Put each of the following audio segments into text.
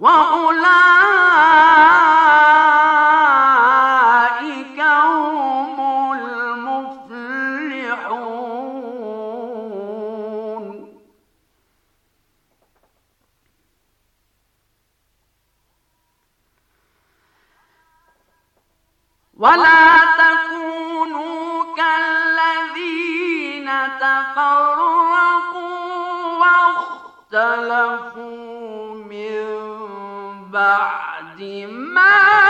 وأولئك هم المفلحون ولا تكونوا كالذين تفرقوا واختلفوا من بعد ما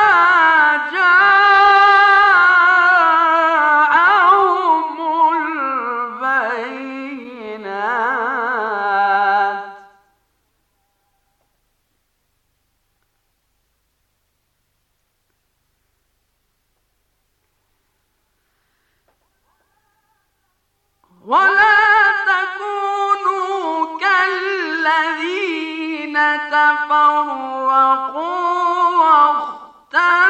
جاءهم البينات ولا الذين تفرقوا واختلفوا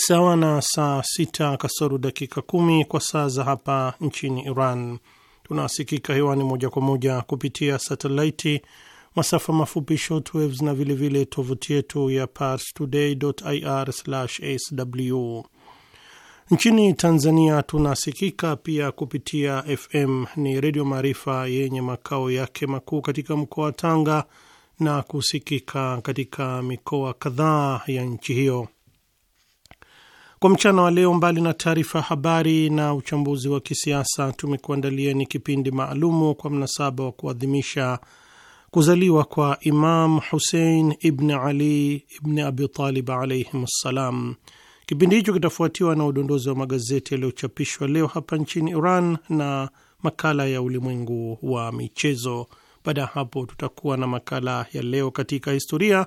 sawa na saa sita kasoro dakika kumi kwa saa za hapa nchini Iran. Tunasikika hewani moja kwa moja kupitia satelaiti, masafa mafupi shortwaves na vilevile tovuti yetu ya ir sw Nchini Tanzania tunasikika pia kupitia FM ni Redio Maarifa yenye makao yake makuu katika mkoa wa Tanga na kusikika katika mikoa kadhaa ya nchi hiyo. Kwa mchana wa leo, mbali na taarifa ya habari na uchambuzi wa kisiasa, tumekuandalieni kipindi maalumu kwa mnasaba wa kuadhimisha kuzaliwa kwa Imam Husein ibn Ali ibn Abitalib alaihim ssalam. Kipindi hicho kitafuatiwa na udondozi wa magazeti yaliyochapishwa leo hapa nchini Iran na makala ya ulimwengu wa michezo. Baada ya hapo, tutakuwa na makala ya leo katika historia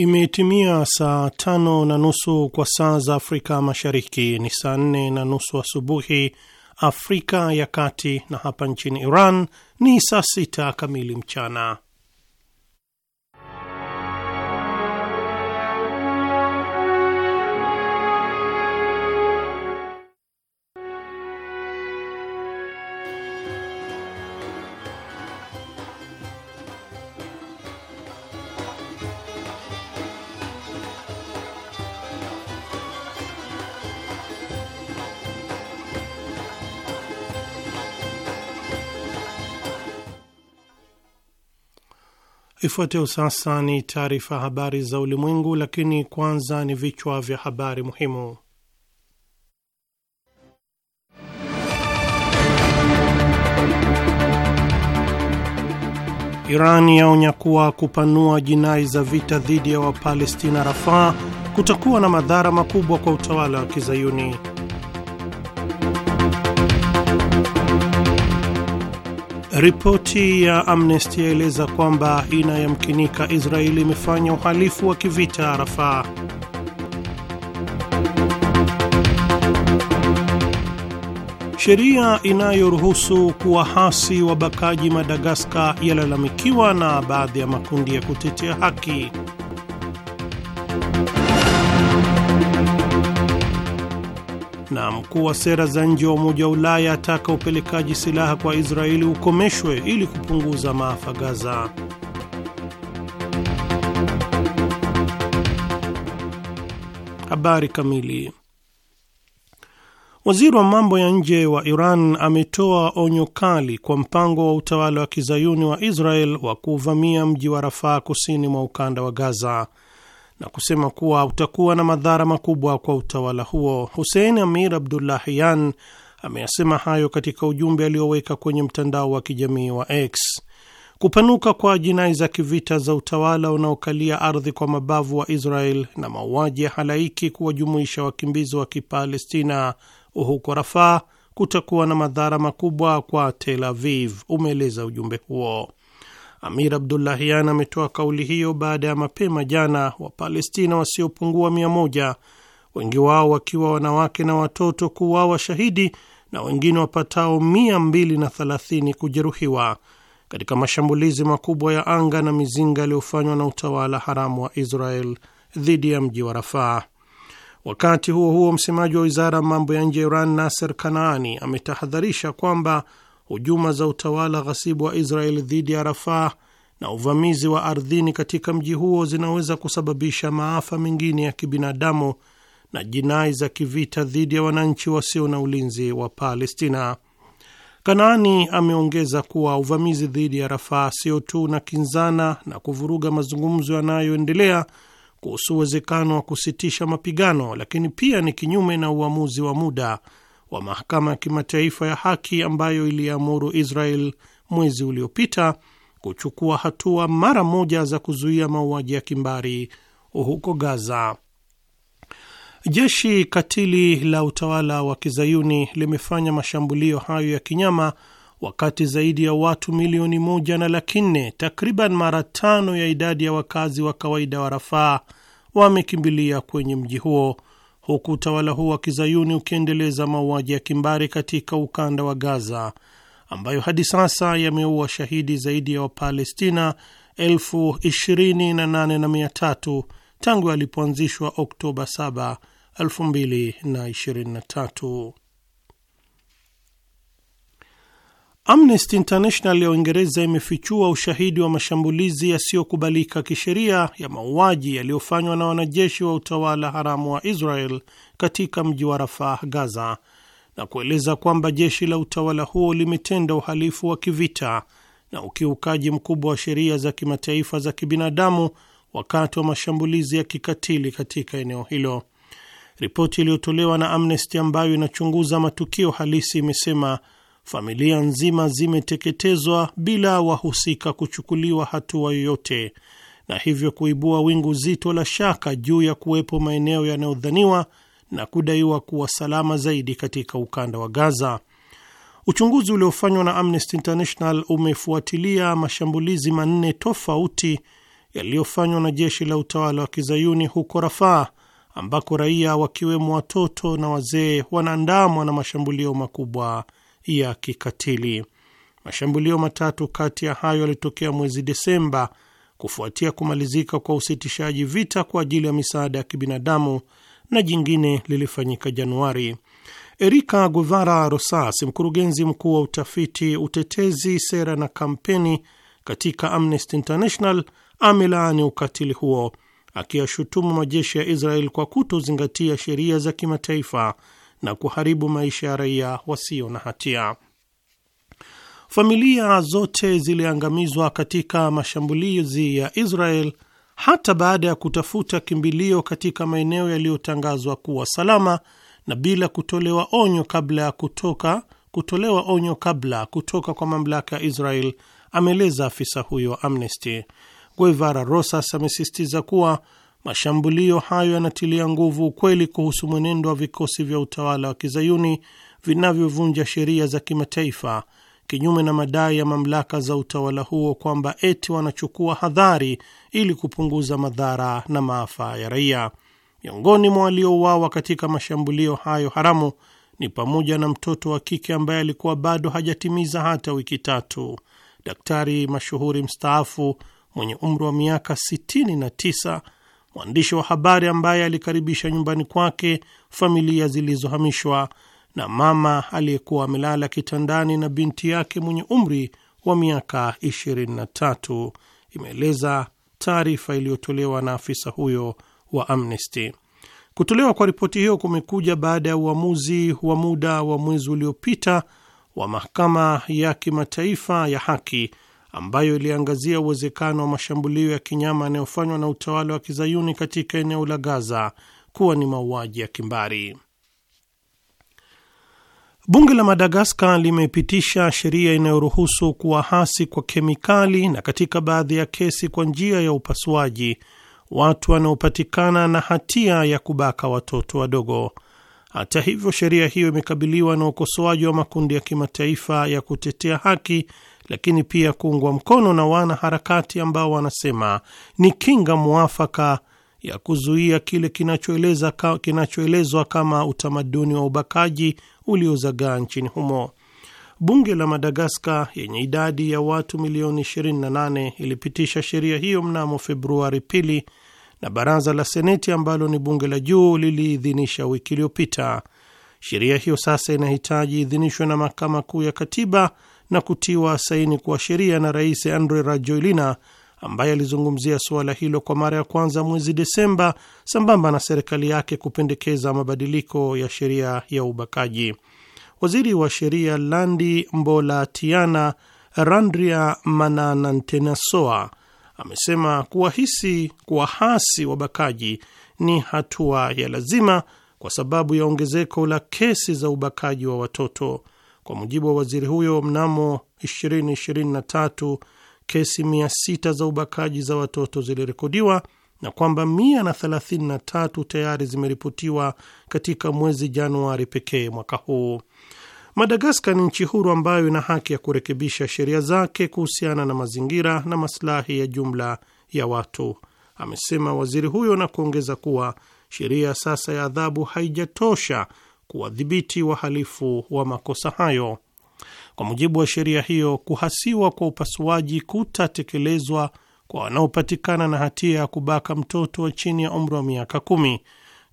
Imetimia saa tano na nusu kwa saa za Afrika Mashariki, ni saa nne na nusu asubuhi Afrika ya Kati, na hapa nchini Iran ni saa sita kamili mchana. Ifuatayo sasa ni taarifa habari za ulimwengu, lakini kwanza ni vichwa vya habari muhimu. Iran yaonya kuwa kupanua jinai za vita dhidi ya Wapalestina Rafah kutakuwa na madhara makubwa kwa utawala wa Kizayuni. Ripoti ya Amnesty yaeleza kwamba inayamkinika Israeli imefanya uhalifu wa kivita arafa Sheria inayoruhusu kuwahasi wabakaji Madagaskar yalalamikiwa na baadhi ya makundi ya kutetea haki. na mkuu wa sera za nje wa Umoja wa Ulaya ataka upelekaji silaha kwa Israeli ukomeshwe ili kupunguza maafa Gaza. Habari kamili. Waziri wa mambo ya nje wa Iran ametoa onyo kali kwa mpango wa utawala wa kizayuni wa Israel wa kuuvamia mji wa Rafaa kusini mwa ukanda wa Gaza na kusema kuwa utakuwa na madhara makubwa kwa utawala huo. Hussein Amir Abdullahian ameyasema hayo katika ujumbe alioweka kwenye mtandao wa kijamii wa X. Kupanuka kwa jinai za kivita za utawala unaokalia ardhi kwa mabavu wa Israel na mauaji ya halaiki kuwajumuisha wakimbizi wa Kipalestina huko Rafaa kutakuwa na madhara makubwa kwa Tel Aviv, umeeleza ujumbe huo. Amir Abdullahian ametoa kauli hiyo baada ya mapema jana Wapalestina wasiopungua mia moja, wengi wao wakiwa wanawake na watoto, kuuawa shahidi na wengine wapatao mia mbili na thelathini kujeruhiwa katika mashambulizi makubwa ya anga na mizinga yaliyofanywa na utawala haramu wa Israel dhidi ya mji wa Rafaa. Wakati huo huo, msemaji wa wizara ya mambo ya nje ya Iran Nasser Kanaani ametahadharisha kwamba hujuma za utawala ghasibu wa Israel dhidi ya Rafah na uvamizi wa ardhini katika mji huo zinaweza kusababisha maafa mengine ya kibinadamu na jinai za kivita dhidi ya wananchi wasio na ulinzi wa Palestina. Kanaani ameongeza kuwa uvamizi dhidi ya Rafaa sio tu na kinzana na kuvuruga mazungumzo yanayoendelea kuhusu uwezekano wa kusitisha mapigano, lakini pia ni kinyume na uamuzi wa muda wa mahakama ya kimataifa ya haki ambayo iliamuru Israel mwezi uliopita kuchukua hatua mara moja za kuzuia mauaji ya kimbari huko Gaza. Jeshi katili la utawala wa kizayuni limefanya mashambulio hayo ya kinyama wakati zaidi ya watu milioni moja na laki nne, takriban mara tano ya idadi ya wakazi wa kawaida wa Rafaa, wamekimbilia kwenye mji huo huku utawala huu wa kizayuni ukiendeleza mauaji ya kimbari katika ukanda wa Gaza ambayo hadi sasa yameua shahidi zaidi ya Wapalestina elfu ishirini na nane na mia tatu tangu alipoanzishwa Oktoba 7, 2023. Amnesty International ya Uingereza imefichua ushahidi wa mashambulizi yasiyokubalika kisheria ya mauaji yaliyofanywa na wanajeshi wa utawala haramu wa Israel katika mji wa Rafah, Gaza, na kueleza kwamba jeshi la utawala huo limetenda uhalifu wa kivita na ukiukaji mkubwa wa sheria za kimataifa za kibinadamu wakati wa mashambulizi ya kikatili katika eneo hilo. Ripoti iliyotolewa na Amnesty ambayo inachunguza matukio halisi imesema familia nzima zimeteketezwa bila wahusika kuchukuliwa hatua yoyote, na hivyo kuibua wingu zito la shaka juu ya kuwepo maeneo yanayodhaniwa na kudaiwa kuwa salama zaidi katika ukanda wa Gaza. Uchunguzi uliofanywa na Amnesty International umefuatilia mashambulizi manne tofauti yaliyofanywa na jeshi la utawala wa kizayuni huko Rafaa, ambako raia wakiwemo watoto na wazee wanaandamwa na mashambulio makubwa ya kikatili. Mashambulio matatu kati ya hayo yalitokea mwezi Desemba kufuatia kumalizika kwa usitishaji vita kwa ajili ya misaada ya kibinadamu na jingine lilifanyika Januari. Erika Guevara Rosas, mkurugenzi mkuu wa utafiti, utetezi, sera na kampeni katika Amnesty International, amelaani ukatili huo akiyashutumu majeshi ya Israel kwa kutozingatia sheria za kimataifa na kuharibu maisha ya raia wasio na hatia. Familia zote ziliangamizwa katika mashambulizi ya Israel hata baada ya kutafuta kimbilio katika maeneo yaliyotangazwa kuwa salama na bila kutolewa onyo kabla ya kutoka kutolewa onyo kabla kutoka kwa mamlaka ya Israel, ameeleza afisa huyo wa Amnesty. Guevara Rosas amesisitiza kuwa Mashambulio hayo yanatilia nguvu ukweli kuhusu mwenendo wa vikosi vya utawala wa kizayuni vinavyovunja sheria za kimataifa, kinyume na madai ya mamlaka za utawala huo kwamba eti wanachukua hadhari ili kupunguza madhara na maafa ya raia. Miongoni mwa waliouawa katika mashambulio hayo haramu ni pamoja na mtoto wa kike ambaye alikuwa bado hajatimiza hata wiki tatu, daktari mashuhuri mstaafu mwenye umri wa miaka 69 mwandishi wa habari ambaye alikaribisha nyumbani kwake familia zilizohamishwa na mama aliyekuwa amelala kitandani na binti yake mwenye umri wa miaka 23, imeeleza taarifa iliyotolewa na afisa huyo wa Amnesty. Kutolewa kwa ripoti hiyo kumekuja baada ya uamuzi wa muda wa mwezi uliopita wa mahakama ya kimataifa ya haki ambayo iliangazia uwezekano wa mashambulio ya kinyama yanayofanywa na utawala wa kizayuni katika eneo la Gaza kuwa ni mauaji ya kimbari. Bunge la Madagaskar limepitisha sheria inayoruhusu kuwahasi kwa kemikali na katika baadhi ya kesi kwa njia ya upasuaji watu wanaopatikana na hatia ya kubaka watoto wadogo. Hata hivyo, sheria hiyo imekabiliwa na ukosoaji wa makundi ya kimataifa ya kutetea haki lakini pia kuungwa mkono na wanaharakati ambao wanasema ni kinga mwafaka ya kuzuia kile kinachoeleza ka, kinachoelezwa kama utamaduni wa ubakaji uliozagaa nchini humo. Bunge la Madagaskar yenye idadi ya watu milioni 28 ilipitisha sheria hiyo mnamo Februari pili na baraza la Seneti ambalo ni bunge la juu liliidhinisha wiki iliyopita. Sheria hiyo sasa inahitaji idhinishwe na Mahakama Kuu ya Katiba na kutiwa saini kuwa sheria na Rais Andre Rajoelina ambaye alizungumzia suala hilo kwa mara ya kwanza mwezi Desemba, sambamba na serikali yake kupendekeza mabadiliko ya sheria ya ubakaji. Waziri wa sheria Landi Mbolatiana Randria Mananantenasoa amesema kuwahisi kuwahasi wabakaji ni hatua ya lazima kwa sababu ya ongezeko la kesi za ubakaji wa watoto kwa mujibu wa waziri huyo, mnamo 2023 kesi 600 za ubakaji za watoto zilirekodiwa na kwamba 133 tayari zimeripotiwa katika mwezi Januari pekee mwaka huu. Madagaskar ni nchi huru ambayo ina haki ya kurekebisha sheria zake kuhusiana na mazingira na masilahi ya jumla ya watu, amesema waziri huyo, na kuongeza kuwa sheria sasa ya adhabu haijatosha kuwadhibiti wahalifu wa makosa hayo. Kwa mujibu wa sheria hiyo, kuhasiwa kwa upasuaji kutatekelezwa kwa wanaopatikana na hatia ya kubaka mtoto wa chini ya umri wa miaka kumi.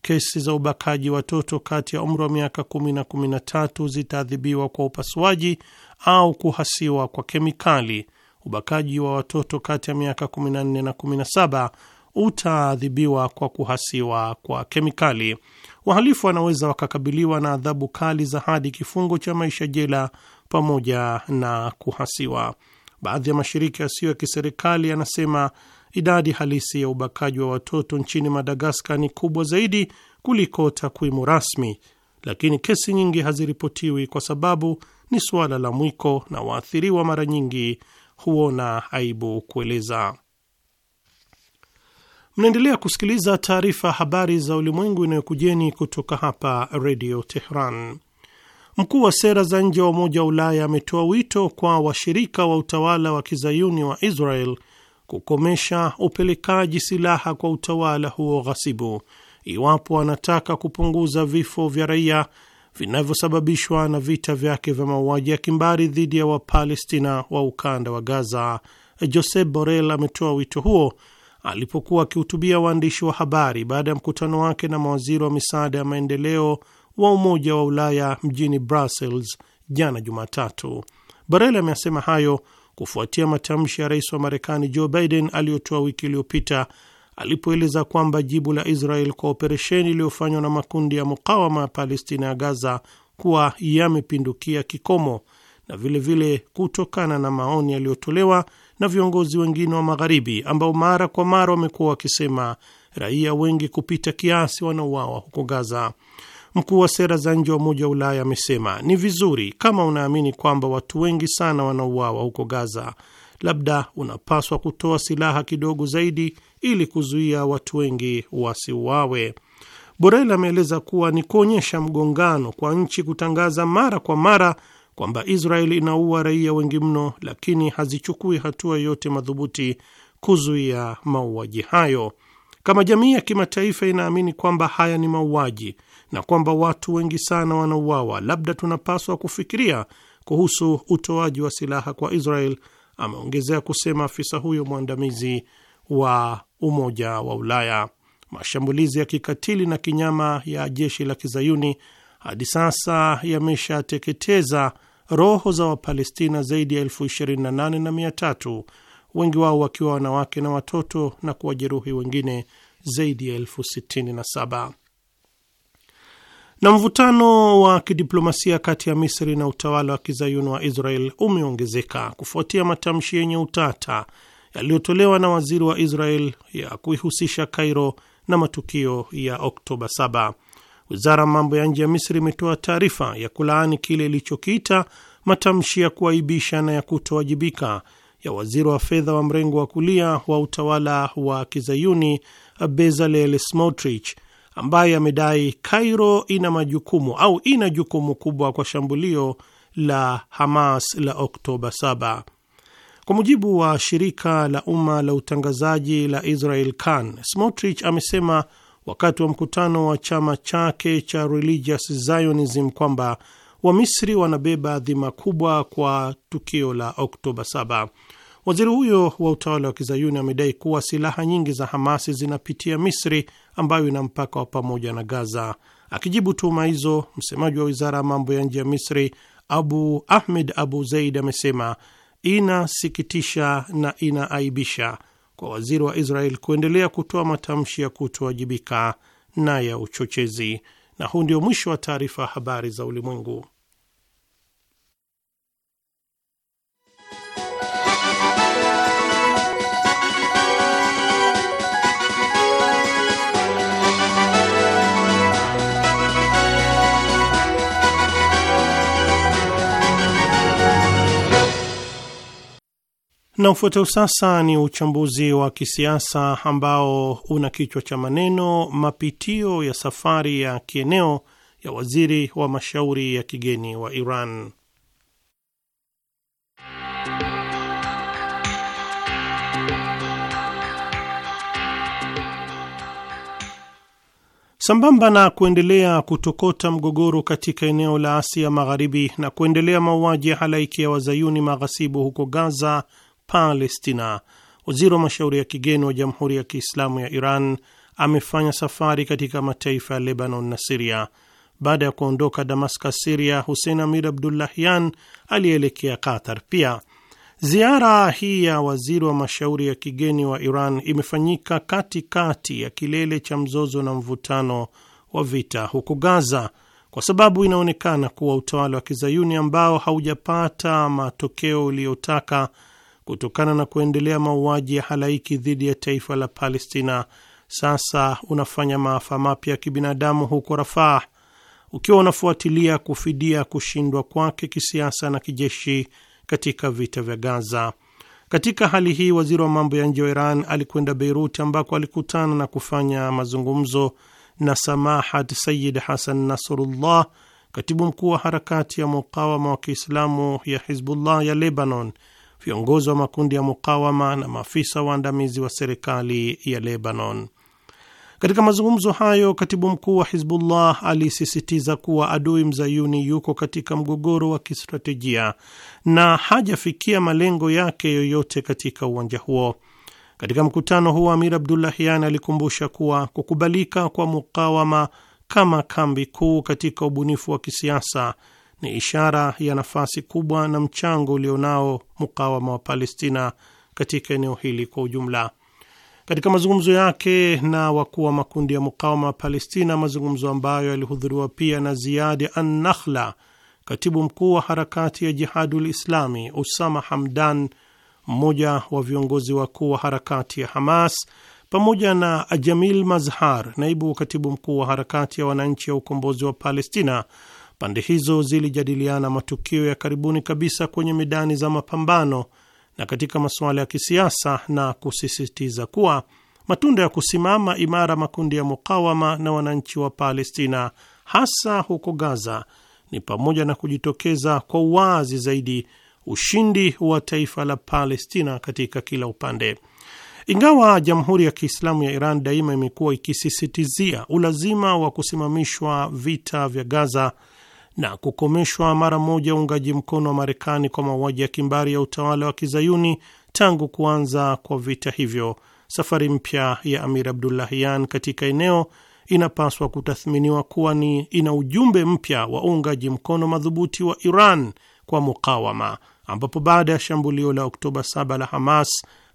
Kesi za ubakaji watoto kati ya umri wa miaka kumi na kumi na tatu zitaadhibiwa kwa upasuaji au kuhasiwa kwa kemikali. Ubakaji wa watoto kati ya miaka kumi na saba utaadhibiwa kwa kuhasiwa kwa kemikali. Wahalifu wanaweza wakakabiliwa na adhabu kali za hadi kifungo cha maisha jela pamoja na kuhasiwa. Baadhi ya mashirika yasiyo ya kiserikali yanasema idadi halisi ya ubakaji wa watoto nchini Madagaskar ni kubwa zaidi kuliko takwimu rasmi, lakini kesi nyingi haziripotiwi kwa sababu ni suala la mwiko na waathiriwa mara nyingi huona aibu kueleza. Mnaendelea kusikiliza taarifa habari za ulimwengu inayokujeni kutoka hapa redio Tehran. Mkuu wa sera za nje wa Umoja wa Ulaya ametoa wito kwa washirika wa utawala wa kizayuni wa Israel kukomesha upelekaji silaha kwa utawala huo ghasibu iwapo wanataka kupunguza vifo vya raia vinavyosababishwa na vita vyake vya mauaji ya kimbari dhidi ya Wapalestina wa ukanda wa Gaza. Josep Borrell ametoa wito huo alipokuwa akihutubia waandishi wa habari baada ya mkutano wake na mawaziri wa misaada ya maendeleo wa Umoja wa Ulaya mjini Brussels jana Jumatatu. Borrell amesema hayo kufuatia matamshi ya rais wa Marekani Joe Biden aliyotoa wiki iliyopita alipoeleza kwamba jibu la Israel kwa operesheni iliyofanywa na makundi ya mukawama ya Palestina ya Gaza kuwa yamepindukia kikomo na vilevile vile kutokana na maoni yaliyotolewa na viongozi wengine wa Magharibi ambao mara kwa mara wamekuwa wakisema raia wengi kupita kiasi wanauawa huko Gaza. Mkuu wa sera za nje wa Umoja wa Ulaya amesema ni vizuri kama unaamini kwamba watu wengi sana wanauawa huko Gaza, labda unapaswa kutoa silaha kidogo zaidi ili kuzuia watu wengi wasiuawe. Borel ameeleza kuwa ni kuonyesha mgongano kwa nchi kutangaza mara kwa mara kwamba Israel inaua raia wengi mno, lakini hazichukui hatua yoyote madhubuti kuzuia mauaji hayo. Kama jamii ya kimataifa inaamini kwamba haya ni mauaji na kwamba watu wengi sana wanauawa, labda tunapaswa kufikiria kuhusu utoaji wa silaha kwa Israel, ameongezea kusema afisa huyo mwandamizi wa Umoja wa Ulaya. Mashambulizi ya kikatili na kinyama ya jeshi la kizayuni hadi sasa yameshateketeza roho za Wapalestina zaidi ya elfu ishirini na nane na mia tatu, wengi wao wakiwa wanawake na watoto na kuwajeruhi wengine zaidi ya elfu sitini na saba. Na mvutano wa kidiplomasia kati ya Misri na utawala wa kizayuni wa Israel umeongezeka kufuatia matamshi yenye utata yaliyotolewa na waziri wa Israel ya kuihusisha Kairo na matukio ya Oktoba 7. Wizara ya mambo ya nje ya Misri imetoa taarifa ya kulaani kile ilichokiita matamshi ya kuaibisha na ya kutowajibika ya waziri wa fedha wa mrengo wa kulia wa utawala wa kizayuni Bezalel Smotrich ambaye amedai cairo ina majukumu au ina jukumu kubwa kwa shambulio la Hamas la Oktoba 7. Kwa mujibu wa shirika la umma la utangazaji la Israel Kan, Smotrich amesema wakati wa mkutano wa chama chake cha Religious Zionism kwamba Wamisri wanabeba dhima kubwa kwa tukio la Oktoba 7. Waziri huyo wa utawala wa kizayuni amedai kuwa silaha nyingi za Hamasi zinapitia Misri ambayo ina mpaka wa pamoja na Gaza. Akijibu tuhuma hizo, msemaji wa wizara ya mambo ya nje ya Misri Abu Ahmed Abu Zeid amesema inasikitisha na inaaibisha kwa waziri wa Israel kuendelea kutoa matamshi ya kutowajibika na ya uchochezi. Na huu ndio mwisho wa taarifa habari za ulimwengu. Na ufuatao sasa ni uchambuzi wa kisiasa ambao una kichwa cha maneno mapitio ya safari ya kieneo ya waziri wa mashauri ya kigeni wa Iran. Sambamba na kuendelea kutokota mgogoro katika eneo la Asia Magharibi na kuendelea mauaji ya halaiki ya wazayuni maghasibu huko Gaza Palestina. Waziri wa mashauri ya kigeni wa Jamhuri ya Kiislamu ya Iran amefanya safari katika mataifa ya Lebanon na Siria. Baada ya kuondoka Damascus, Siria, Hussein Amir Abdullahyan aliyeelekea Qatar. Pia ziara hii ya waziri wa mashauri ya kigeni wa Iran imefanyika katikati kati ya kilele cha mzozo na mvutano wa vita huku Gaza, kwa sababu inaonekana kuwa utawala wa kizayuni ambao haujapata matokeo uliyotaka kutokana na kuendelea mauaji ya halaiki dhidi ya taifa la Palestina sasa unafanya maafa mapya ya kibinadamu huko Rafah, ukiwa unafuatilia kufidia kushindwa kwake kisiasa na kijeshi katika vita vya Gaza. Katika hali hii, waziri wa mambo ya nje wa Iran alikwenda Beirut ambako alikutana na kufanya mazungumzo na Samahat Sayid Hasan Nasrullah, katibu mkuu wa harakati ya mukawama wa Kiislamu ya Hizbullah ya Lebanon viongozi wa makundi ya mukawama na maafisa waandamizi wa serikali ya Lebanon. Katika mazungumzo hayo, katibu mkuu wa Hizbullah alisisitiza kuwa adui mzayuni yuko katika mgogoro wa kistratejia na hajafikia malengo yake yoyote katika uwanja huo. Katika mkutano huo, Amir yan alikumbusha kuwa kukubalika kwa mukawama kama kambi kuu katika ubunifu wa kisiasa ni ishara ya nafasi kubwa na mchango ulionao mukawama wa Palestina katika eneo hili kwa ujumla. Katika mazungumzo yake na wakuu wa makundi ya mukawama wa Palestina, mazungumzo ambayo yalihudhuriwa pia na Ziyad an-Nakhla, katibu mkuu wa harakati ya Jihadul Islami, Usama Hamdan, mmoja wa viongozi wakuu wa harakati ya Hamas, pamoja na Ajamil Mazhar, naibu katibu mkuu wa harakati ya wananchi ya ukombozi wa Palestina Pande hizo zilijadiliana matukio ya karibuni kabisa kwenye medani za mapambano na katika masuala ya kisiasa na kusisitiza kuwa matunda ya kusimama imara makundi ya mukawama na wananchi wa Palestina hasa huko Gaza ni pamoja na kujitokeza kwa uwazi zaidi ushindi wa taifa la Palestina katika kila upande. Ingawa Jamhuri ya Kiislamu ya Iran daima imekuwa ikisisitizia ulazima wa kusimamishwa vita vya Gaza na kukomeshwa mara moja uungaji mkono wa Marekani kwa mauaji ya kimbari ya utawala wa kizayuni tangu kuanza kwa vita hivyo, safari mpya ya Amir Abdullahian katika eneo inapaswa kutathminiwa kuwa ni ina ujumbe mpya wa uungaji mkono madhubuti wa Iran kwa mukawama, ambapo baada ya shambulio la Oktoba 7 la Hamas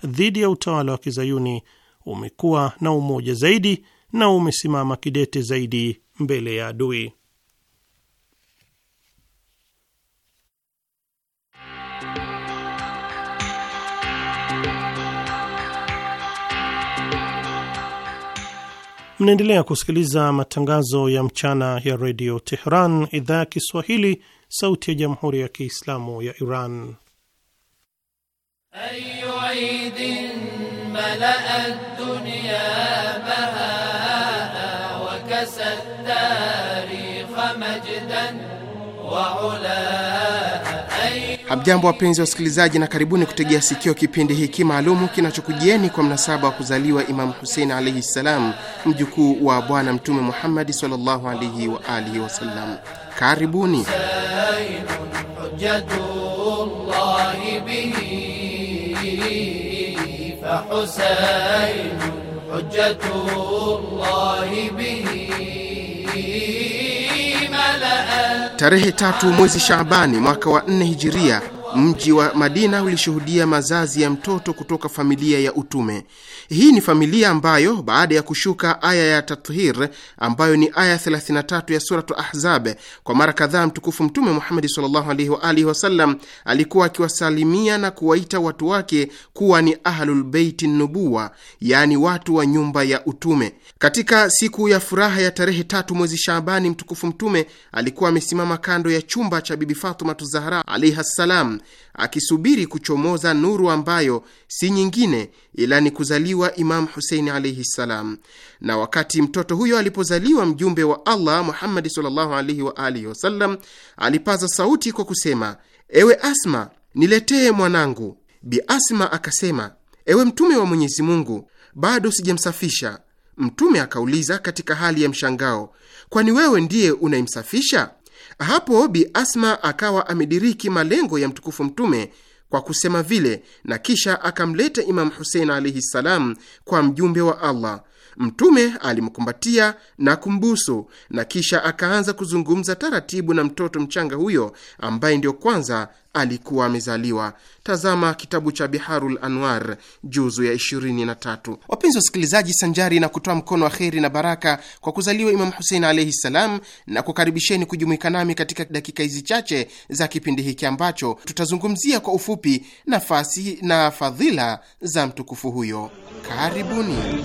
dhidi ya utawala wa kizayuni umekuwa na umoja zaidi na umesimama kidete zaidi mbele ya adui. Mnaendelea kusikiliza matangazo ya mchana ya redio Tehran, idhaa ya Kiswahili, sauti ya jamhuri ya kiislamu ya Iran. Hamjambo, wapenzi wa usikilizaji, na karibuni kutegea sikio kipindi hiki maalumu kinachokujieni kwa mnasaba wa kuzaliwa Imamu Husein alaihi ssalam, mjukuu wa Bwana Mtume Muhammadi sallallahu alaihi wa alihi wasallam. Karibuni. Husain, tarehe tatu mwezi Shaabani mwaka wa nne hijiria Mji wa Madina ulishuhudia mazazi ya mtoto kutoka familia ya utume. Hii ni familia ambayo baada ya kushuka aya ya tathir ambayo ni aya 33 ya Suratu Ahzab, kwa mara kadhaa mtukufu Mtume Muhamadi sallallahu alaihi wa alihi wasallam alikuwa akiwasalimia na kuwaita watu wake kuwa ni Ahlulbeiti Nubuwa, yaani watu wa nyumba ya utume. Katika siku ya furaha ya tarehe tatu mwezi Shaabani, mtukufu Mtume alikuwa amesimama kando ya chumba cha Bibi Fatumatu Zahra alaihi ssalam akisubiri kuchomoza nuru ambayo si nyingine ila ni kuzaliwa Imamu Husein alaihi ssalam. Na wakati mtoto huyo alipozaliwa, mjumbe wa Allah Muhammadi sallallahu alaihi wa alihi wasallam alipaza sauti kwa kusema, ewe Asma, niletee mwanangu. Bi Asma akasema, ewe Mtume wa Mwenyezi Mungu, bado sijamsafisha. Mtume akauliza katika hali ya mshangao, kwani wewe ndiye unaimsafisha? Hapo Bi Asma akawa amediriki malengo ya mtukufu Mtume kwa kusema vile, na kisha akamleta Imamu Husein alaihi ssalam kwa mjumbe wa Allah. Mtume alimkumbatia na kumbusu na kisha akaanza kuzungumza taratibu na mtoto mchanga huyo ambaye ndiyo kwanza alikuwa amezaliwa. Tazama kitabu cha Biharul Anwar juzu ya 23. Wapenzi wa usikilizaji, sanjari na kutoa mkono wa kheri na baraka kwa kuzaliwa Imamu Husein alaihi ssalam, na kukaribisheni kujumuika nami katika dakika hizi chache za kipindi hiki ambacho tutazungumzia kwa ufupi nafasi na fadhila za mtukufu huyo. Karibuni.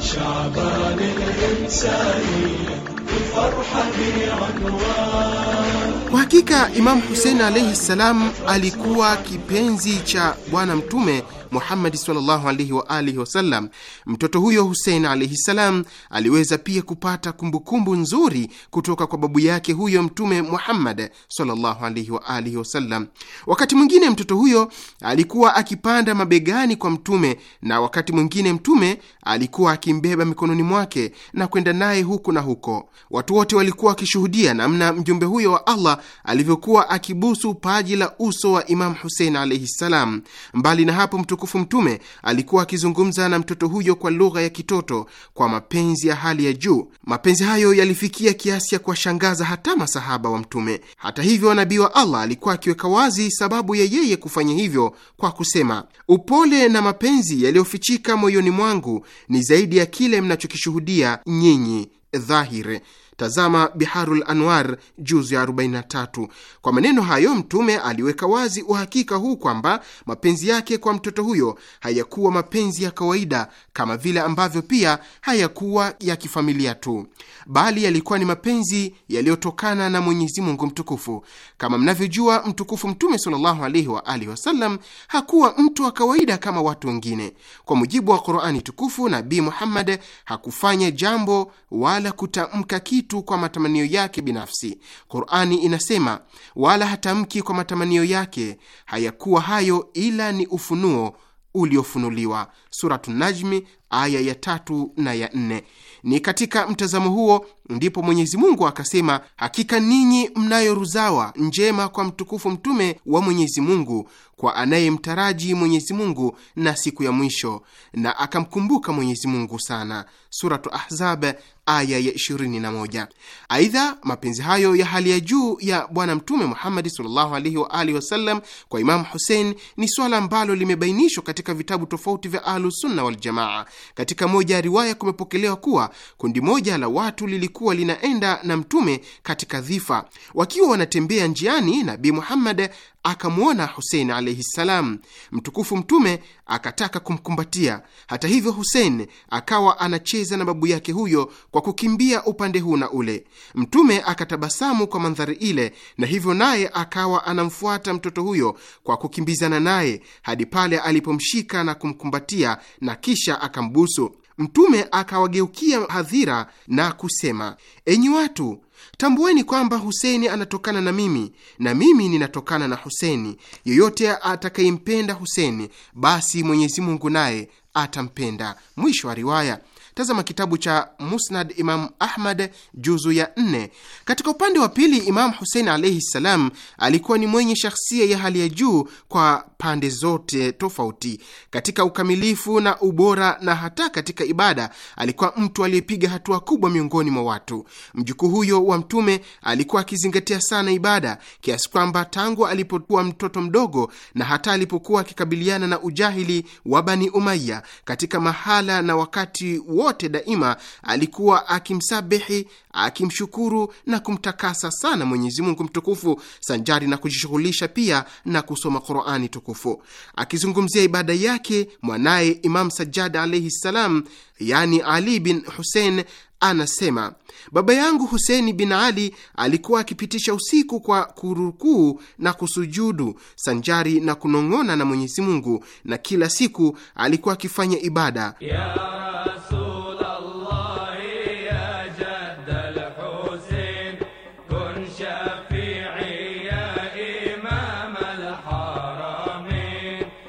Kwa hakika Imamu Husein alaihi salam alikuwa kipenzi cha Bwana Mtume Muhammadi sallallahu alaihi wa alihi wasallam, mtoto huyo Husein alaihi salam aliweza pia kupata kumbukumbu kumbu nzuri kutoka kwa babu yake huyo Mtume Muhammad sallallahu alaihi wa alihi wasallam. Wakati mwingine mtoto huyo alikuwa akipanda mabegani kwa Mtume na wakati mwingine Mtume alikuwa akimbeba mikononi mwake na kwenda naye huku na huko. Watu wote walikuwa wakishuhudia namna mjumbe huyo wa Allah alivyokuwa akibusu paji la uso wa Imamu Husein alaihi salam. Mbali na hapo mtu mtukufu Mtume alikuwa akizungumza na mtoto huyo kwa lugha ya kitoto kwa mapenzi ya hali ya juu. Mapenzi hayo yalifikia kiasi ya kuwashangaza hata masahaba wa Mtume. Hata hivyo, nabii wa Allah alikuwa akiweka wazi sababu ya yeye kufanya hivyo kwa kusema, upole na mapenzi yaliyofichika moyoni mwangu ni zaidi ya kile mnachokishuhudia nyinyi dhahiri. Tazama Biharul Anwar juzu ya 43. Kwa maneno hayo Mtume aliweka wazi uhakika huu kwamba mapenzi yake kwa mtoto huyo hayakuwa mapenzi ya kawaida, kama vile ambavyo pia hayakuwa ya kifamilia tu, bali yalikuwa ni mapenzi yaliyotokana na Mwenyezi Mungu Mtukufu. Kama mnavyojua, mtukufu Mtume sallallahu alaihi wa alihi wasallam hakuwa mtu wa kawaida kama watu wengine. Kwa mujibu wa Qurani Tukufu, Nabii Muhammad hakufanya jambo wala kutamka kitu kitu kwa matamanio yake binafsi. Qurani inasema, wala hatamki kwa matamanio yake, hayakuwa hayo ila ni ufunuo uliofunuliwa. Suratu Najmi aya ya tatu na ya nne. Ni katika mtazamo huo ndipo Mwenyezi Mungu akasema, hakika ninyi mnayo ruzawa njema kwa mtukufu mtume wa Mwenyezi Mungu, kwa anayemtaraji Mwenyezi Mungu na siku ya mwisho, na akamkumbuka Mwenyezi Mungu sana. Suratu Ahzab aya ya Aidha, mapenzi hayo ya hali ya juu ya Bwana Mtume Muhammadi sallallahu alaihi wa alihi wasallam kwa Imamu Husein ni swala ambalo limebainishwa katika vitabu tofauti vya Ahlusunna Waljamaa. Katika moja ya riwaya kumepokelewa kuwa kundi moja la watu lilikuwa linaenda na Mtume katika dhifa. Wakiwa wanatembea njiani, Nabii Muhammad akamwona Husein alaihi ssalam, mtukufu Mtume akataka kumkumbatia. Hata hivyo, Husein akawa anacheza na babu yake huyo kwa kukimbia upande huu na ule. Mtume akatabasamu kwa mandhari ile, na hivyo naye akawa anamfuata mtoto huyo kwa kukimbizana naye hadi pale alipomshika na kumkumbatia na kisha akambusu. Mtume akawageukia hadhira na kusema, enyi watu, tambueni kwamba Huseni anatokana na mimi na mimi ninatokana na Huseni. Yeyote atakayempenda Huseni, basi Mwenyezi Mungu naye atampenda. Mwisho wa riwaya. Tazama kitabu cha Musnad Imam Ahmad juzu ya nne. Katika upande wa pili, Imam Husein alaihi ssalam alikuwa ni mwenye shahsia ya hali ya juu kwa pande zote tofauti, katika ukamilifu na ubora, na hata katika ibada alikuwa mtu aliyepiga hatua kubwa miongoni mwa watu. Mjukuu huyo wa Mtume alikuwa akizingatia sana ibada kiasi kwamba tangu alipokuwa mtoto mdogo na hata alipokuwa akikabiliana na ujahili wa Bani Umaya katika mahala na wakati wo wote daima alikuwa akimsabihi, akimshukuru na kumtakasa sana Mwenyezi Mungu mtukufu, sanjari na kujishughulisha pia na kusoma Qurani tukufu. Akizungumzia ibada yake mwanaye Imam Sajjad alaihi ssalam, yani Ali bin Husein anasema baba yangu Huseini bin Ali alikuwa akipitisha usiku kwa kurukuu na kusujudu sanjari na kunong'ona na Mwenyezi Mungu, na kila siku alikuwa akifanya ibada ya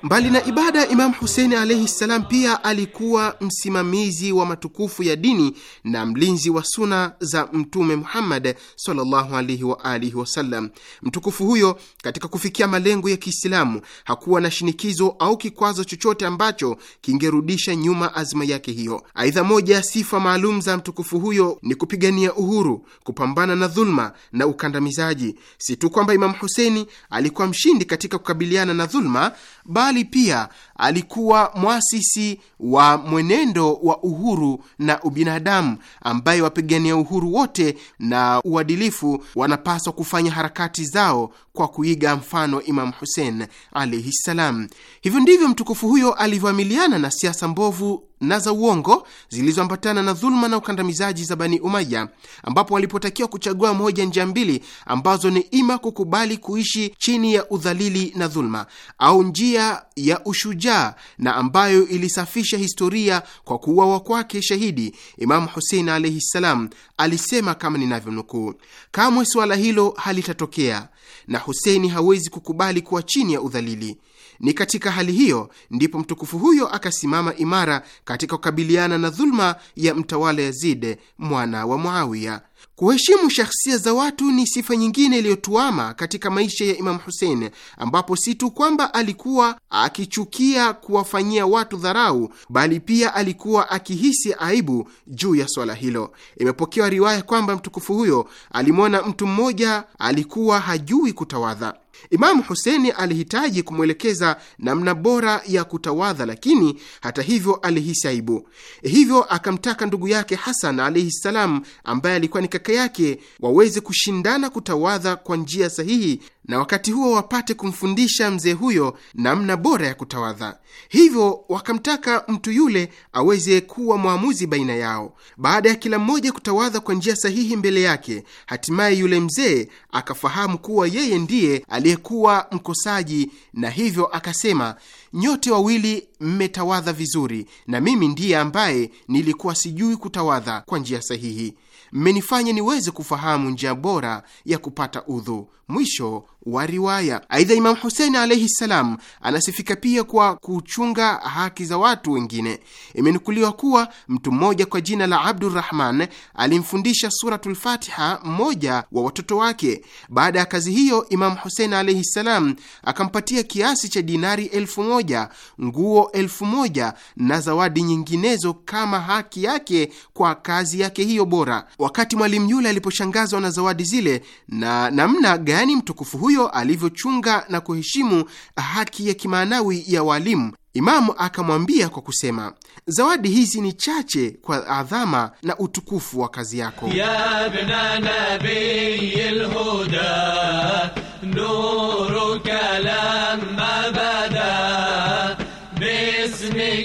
Mbali na ibada Imamu Huseini alaihi ssalam, pia alikuwa msimamizi wa matukufu ya dini na mlinzi wa suna za Mtume Muhammad sallallahu alaihi wa alihi wasallam. Mtukufu huyo katika kufikia malengo ya Kiislamu hakuwa na shinikizo au kikwazo chochote ambacho kingerudisha nyuma azma yake hiyo. Aidha, moja ya sifa maalum za mtukufu huyo ni kupigania uhuru, kupambana na dhulma na ukandamizaji. Si tu kwamba Imamu Huseini alikuwa mshindi katika kukabiliana na dhulma bali bali pia alikuwa mwasisi wa mwenendo wa uhuru na ubinadamu, ambaye wapigania uhuru wote na uadilifu wanapaswa kufanya harakati zao kwa kuiga mfano Imamu Husein alaihi ssalam. Hivyo ndivyo mtukufu huyo alivyoamiliana na siasa mbovu na za uongo zilizoambatana na dhuluma na ukandamizaji za Bani Umaya, ambapo walipotakiwa kuchagua moja njia mbili ambazo ni ima kukubali kuishi chini ya udhalili na dhuluma, au njia ya ushujaa na ambayo ilisafisha historia kwa kuuawa kwake shahidi Imamu Husein alaihi ssalam, alisema kama ninavyonukuu: kamwe suala hilo halitatokea na Huseini hawezi kukubali kuwa chini ya udhalili. Ni katika hali hiyo ndipo mtukufu huyo akasimama imara katika kukabiliana na dhuluma ya mtawala Yazid mwana wa Muawiya. Kuheshimu shahsia za watu ni sifa nyingine iliyotuama katika maisha ya Imamu Husein, ambapo si tu kwamba alikuwa akichukia kuwafanyia watu dharau, bali pia alikuwa akihisi aibu juu ya swala hilo. Imepokewa riwaya kwamba mtukufu huyo alimwona mtu mmoja alikuwa hajui kutawadha. Imamu Huseni alihitaji kumwelekeza namna bora ya kutawadha, lakini hata hivyo alihisi aibu, hivyo akamtaka ndugu yake Hasan alaihi ssalam, ambaye alikuwa ni kaka yake, waweze kushindana kutawadha kwa njia sahihi na wakati huo wapate kumfundisha mzee huyo namna bora ya kutawadha. Hivyo wakamtaka mtu yule aweze kuwa mwamuzi baina yao. Baada ya kila mmoja kutawadha kwa njia sahihi mbele yake, hatimaye yule mzee akafahamu kuwa yeye ndiye aliyekuwa mkosaji, na hivyo akasema, nyote wawili mmetawadha vizuri, na mimi ndiye ambaye nilikuwa sijui kutawadha kwa njia sahihi mmenifanya niweze kufahamu njia bora ya kupata udhu. Mwisho wa riwaya. Aidha, Imamu Husein alaihi ssalam anasifika pia kwa kuchunga haki za watu wengine. Imenukuliwa kuwa mtu mmoja kwa jina la Abdurrahman alimfundisha Suratul Fatiha mmoja wa watoto wake. Baada ya kazi hiyo, Imamu Husein alaihi ssalam akampatia kiasi cha dinari elfu moja, nguo elfu moja na zawadi nyinginezo kama haki yake kwa kazi yake hiyo bora. Wakati mwalimu yule aliposhangazwa na zawadi zile na namna gani mtukufu huyo alivyochunga na kuheshimu haki ya kimaanawi ya waalimu, Imamu akamwambia kwa kusema, zawadi hizi ni chache kwa adhama na utukufu wa kazi yako ya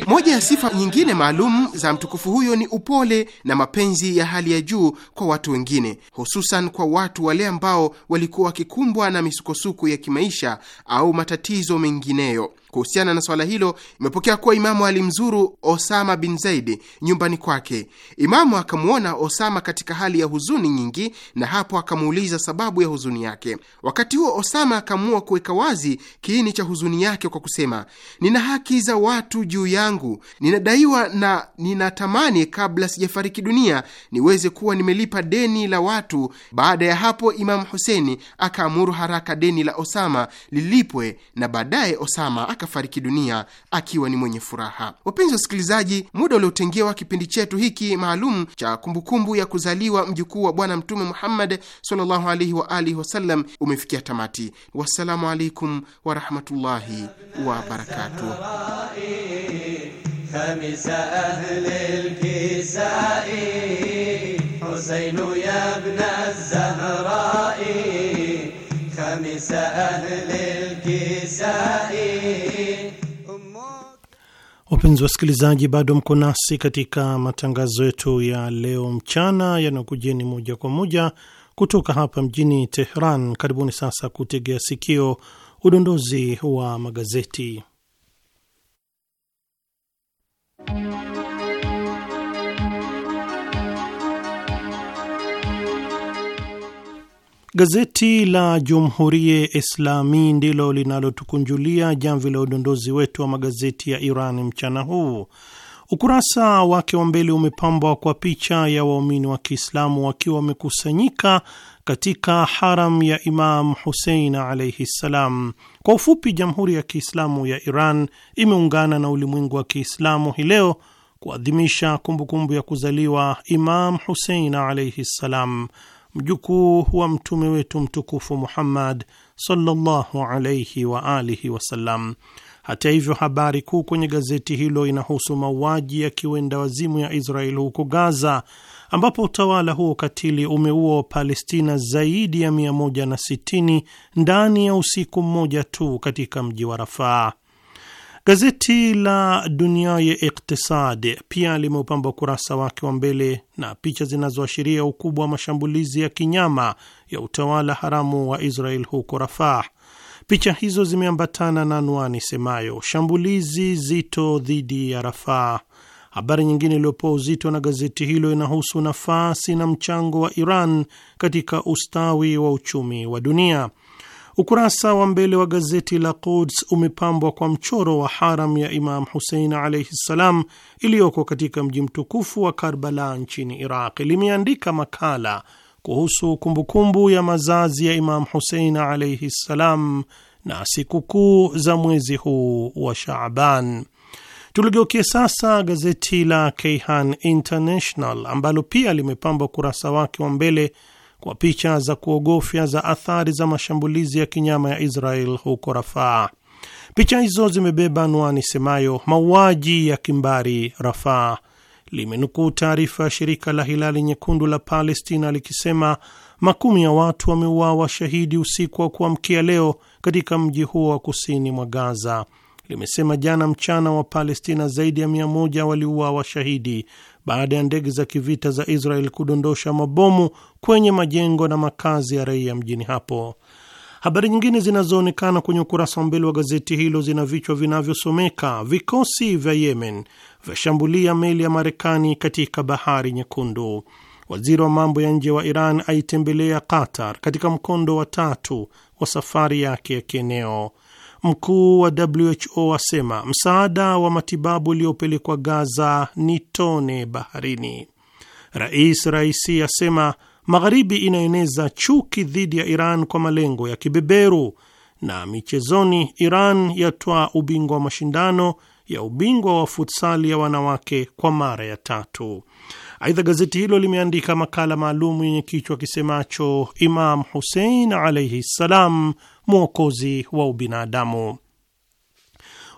moja ya sifa nyingine maalum za mtukufu huyo ni upole na mapenzi ya hali ya juu kwa watu wengine, hususan kwa watu wale ambao walikuwa wakikumbwa na misukosuko ya kimaisha au matatizo mengineyo. Kuhusiana na swala hilo, imepokea kuwa Imamu alimzuru Osama bin Zaidi nyumbani kwake. Imamu akamwona Osama katika hali ya huzuni nyingi, na hapo akamuuliza sababu ya huzuni yake. Wakati huo Osama akaamua kuweka wazi kiini cha huzuni yake kwa kusema, nina haki za watu juu yangu, ninadaiwa na ninatamani kabla sijafariki dunia niweze kuwa nimelipa deni la watu. Baada ya hapo, Imamu Huseni akaamuru haraka deni la Osama lilipwe, na baadaye Osama akafariki dunia akiwa ni mwenye furaha. Wapenzi wasikilizaji, muda uliotengewa kipindi chetu hiki maalum cha kumbukumbu ya kuzaliwa mjukuu wa Bwana Mtume Muhammad sallallahu alaihi wa alihi wasallam umefikia tamati. Wassalamu alaikum warahmatullahi wabarakatuh. Wapenzi wasikilizaji, bado mko nasi katika matangazo yetu ya leo mchana yanayokujeni moja kwa moja kutoka hapa mjini Tehran. Karibuni sasa kutegea sikio udondozi wa magazeti. Gazeti la Jumhurie Islami ndilo linalotukunjulia jamvi la udondozi wetu wa magazeti ya Iran mchana huu. Ukurasa wake wa mbele umepambwa kwa picha ya waumini wa Kiislamu wakiwa wamekusanyika katika haram ya Imam Husein alaihi ssalam. Kwa ufupi, Jamhuri ya Kiislamu ya Iran imeungana na ulimwengu wa Kiislamu hii leo kuadhimisha kumbukumbu ya kuzaliwa Imam Husein alaihi ssalam mjukuu wa mtume wetu mtukufu Muhammad sallallahu wa alihi wasallam. Hata hivyo, habari kuu kwenye gazeti hilo inahusu mauaji ya kiwenda wazimu ya israel huko Gaza, ambapo utawala huo katili umeua Wapalestina zaidi ya 160 ndani ya usiku mmoja tu katika mji wa Rafaa. Gazeti la Dunia ya Iktisadi pia limeupamba ukurasa wake wa mbele na picha zinazoashiria ukubwa wa mashambulizi ya kinyama ya utawala haramu wa Israel huko Rafah. Picha hizo zimeambatana na anwani semayo shambulizi zito dhidi ya Rafah. Habari nyingine iliyopoa uzito na gazeti hilo inahusu nafasi na mchango wa Iran katika ustawi wa uchumi wa dunia. Ukurasa wa mbele wa gazeti la Quds umepambwa kwa mchoro wa haram ya Imam Husein alaihi ssalam iliyoko katika mji mtukufu wa Karbala nchini Iraq. Limeandika makala kuhusu kumbukumbu kumbu ya mazazi ya Imam Husein alaihi ssalam na sikukuu za mwezi huu wa Shaaban. Tuligeukie sasa gazeti la Kayhan International ambalo pia limepamba ukurasa wake wa mbele kwa picha za kuogofya za athari za mashambulizi ya kinyama ya Israel huko Rafaa. Picha hizo zimebeba anwani semayo mauaji ya kimbari Rafaa. Limenukuu taarifa ya shirika la Hilali Nyekundu la Palestina likisema makumi ya watu wameuawa shahidi usiku wa kuamkia leo katika mji huo wa kusini mwa Gaza. Limesema jana mchana wa Palestina zaidi ya mia moja waliuawa shahidi baada ya ndege za kivita za Israel kudondosha mabomu kwenye majengo na makazi ya raia mjini hapo. Habari nyingine zinazoonekana kwenye ukurasa wa mbele wa gazeti hilo zina vichwa vinavyosomeka vikosi vya Yemen vyashambulia meli ya Marekani katika bahari Nyekundu, waziri wa mambo ya nje wa Iran aitembelea Qatar katika mkondo wa tatu wa safari yake ya kieneo Mkuu wa WHO asema msaada wa matibabu uliopelekwa Gaza ni tone baharini. Rais Raisi asema Magharibi inaeneza chuki dhidi ya Iran kwa malengo ya kibeberu. Na michezoni, Iran yatwaa ubingwa wa mashindano ya ubingwa wa futsali ya wanawake kwa mara ya tatu. Aidha, gazeti hilo limeandika makala maalum yenye kichwa kisemacho Imam Hussein alaihi ssalam mwokozi wa ubinadamu.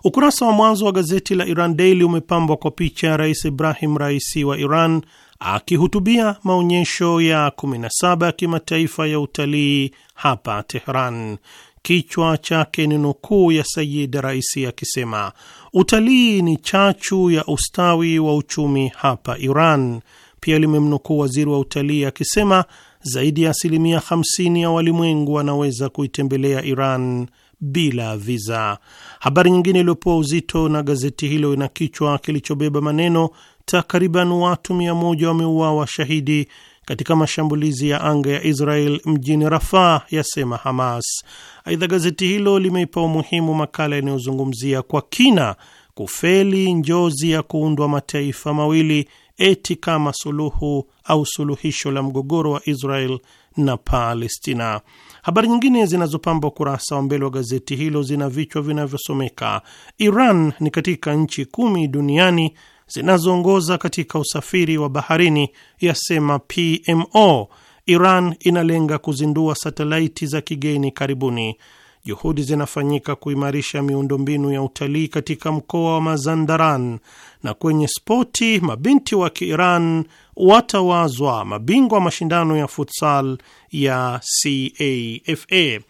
Ukurasa wa mwanzo wa gazeti la Iran Daily umepambwa kwa picha ya Rais Ibrahim Raisi wa Iran akihutubia maonyesho ya 17 ya kimataifa ya utalii hapa Tehran. Kichwa chake ni nukuu ya Sayid Raisi akisema utalii ni chachu ya ustawi wa uchumi hapa Iran. Pia limemnukuu waziri wa utalii akisema zaidi ya asilimia 50 ya walimwengu wanaweza kuitembelea Iran bila viza. Habari nyingine iliyopewa uzito na gazeti hilo ina kichwa kilichobeba maneno takriban watu 1 wameuawa shahidi katika mashambulizi ya anga ya Israel mjini Rafah, yasema Hamas. Aidha, gazeti hilo limeipa umuhimu makala yanayozungumzia kwa kina kufeli njozi ya kuundwa mataifa mawili eti kama suluhu au suluhisho la mgogoro wa Israel na Palestina. Habari nyingine zinazopamba ukurasa wa mbele wa gazeti hilo zina vichwa vinavyosomeka: Iran ni katika nchi kumi duniani zinazoongoza katika usafiri wa baharini, yasema PMO. Iran inalenga kuzindua satelaiti za kigeni karibuni juhudi zinafanyika kuimarisha miundombinu ya utalii katika mkoa wa Mazandaran, na kwenye spoti mabinti wa Kiiran watawazwa mabingwa mashindano ya futsal ya CAFA.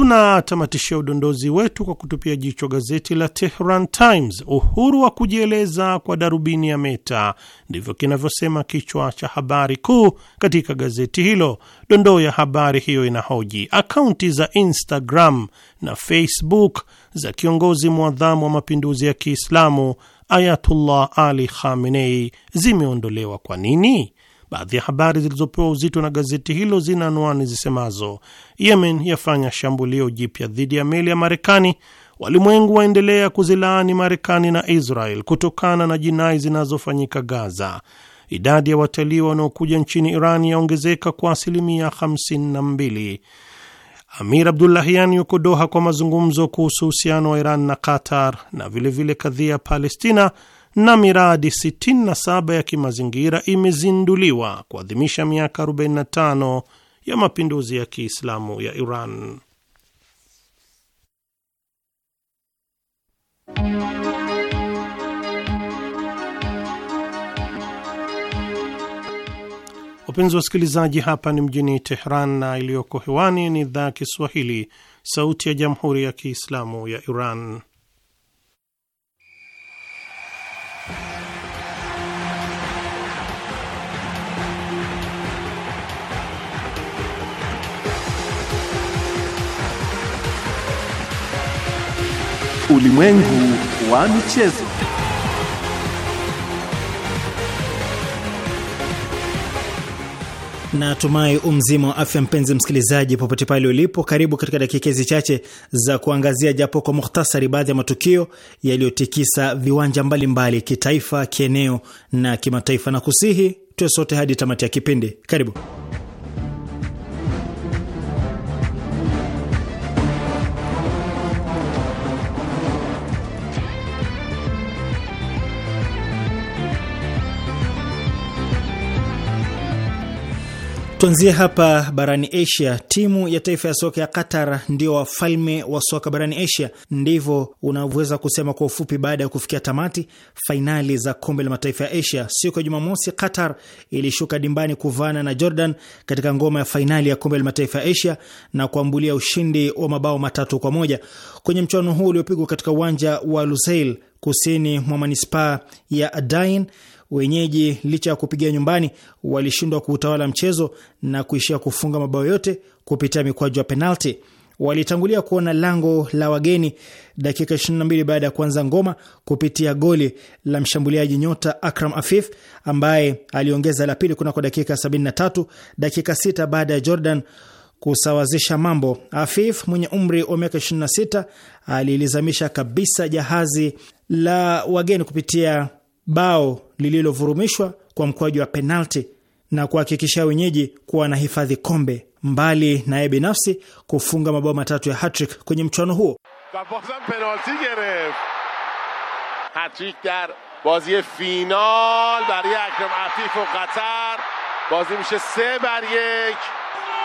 Tunatamatishia udondozi wetu kwa kutupia jicho gazeti la Tehran Times. Uhuru wa kujieleza kwa darubini ya Meta, ndivyo kinavyosema kichwa cha habari kuu katika gazeti hilo. Dondoo ya habari hiyo inahoji akaunti za Instagram na Facebook za kiongozi mwadhamu wa mapinduzi ya Kiislamu Ayatullah Ali Khamenei zimeondolewa kwa nini? Baadhi ya habari zilizopewa uzito na gazeti hilo zina anwani zisemazo: Yemen yafanya shambulio jipya dhidi ya meli ya Marekani, walimwengu waendelea kuzilaani Marekani na Israel kutokana na jinai zinazofanyika Gaza, idadi ya watalii wanaokuja nchini Iran yaongezeka kwa asilimia 52. Amir Abdullahian yuko Doha kwa mazungumzo kuhusu uhusiano wa Iran na Qatar, na vilevile kadhia ya Palestina na miradi 67 ya kimazingira imezinduliwa kuadhimisha miaka 45 ya mapinduzi ya Kiislamu ya Iran. Wapenzi wa wasikilizaji, hapa ni mjini Tehran na iliyoko hewani ni idhaa ya Kiswahili, Sauti ya Jamhuri ya Kiislamu ya Iran. Ulimwengu wa michezo. Natumai umzima wa afya, mpenzi msikilizaji, popote pale ulipo. Karibu katika dakika hizi chache za kuangazia japo kwa mukhtasari baadhi ya matukio yaliyotikisa viwanja mbalimbali mbali, kitaifa, kieneo na kimataifa, na kusihi tuwe sote hadi tamati ya kipindi. Karibu. Tuanzie hapa barani Asia. Timu ya taifa ya soka ya Qatar ndio wafalme wa soka barani Asia, ndivyo unavyoweza kusema kwa ufupi, baada ya kufikia tamati fainali za kombe la mataifa ya Asia. Siku ya Jumamosi, Qatar ilishuka dimbani kuvana na Jordan katika ngoma ya fainali ya kombe la mataifa ya Asia na kuambulia ushindi wa mabao matatu kwa moja kwenye mchuano huu uliopigwa katika uwanja wa Lusail kusini mwa manispaa ya Adain wenyeji licha ya kupigia nyumbani walishindwa kuutawala mchezo na kuishia kufunga mabao yote kupitia mikwaju ya penalti. Walitangulia kuona lango la wageni dakika 22 baada ya kuanza ngoma kupitia goli la mshambuliaji nyota Akram Afif ambaye aliongeza la pili kunako dakika 73, dakika sita baada ya Jordan kusawazisha mambo. Afif mwenye umri wa miaka 26 alilizamisha kabisa jahazi la wageni kupitia bao lililovurumishwa kwa mkwaju wa penalti na kuhakikisha wenyeji kuwa na hifadhi kombe, mbali na yeye binafsi kufunga mabao matatu ya hatrick kwenye mchuano huo. final Qatar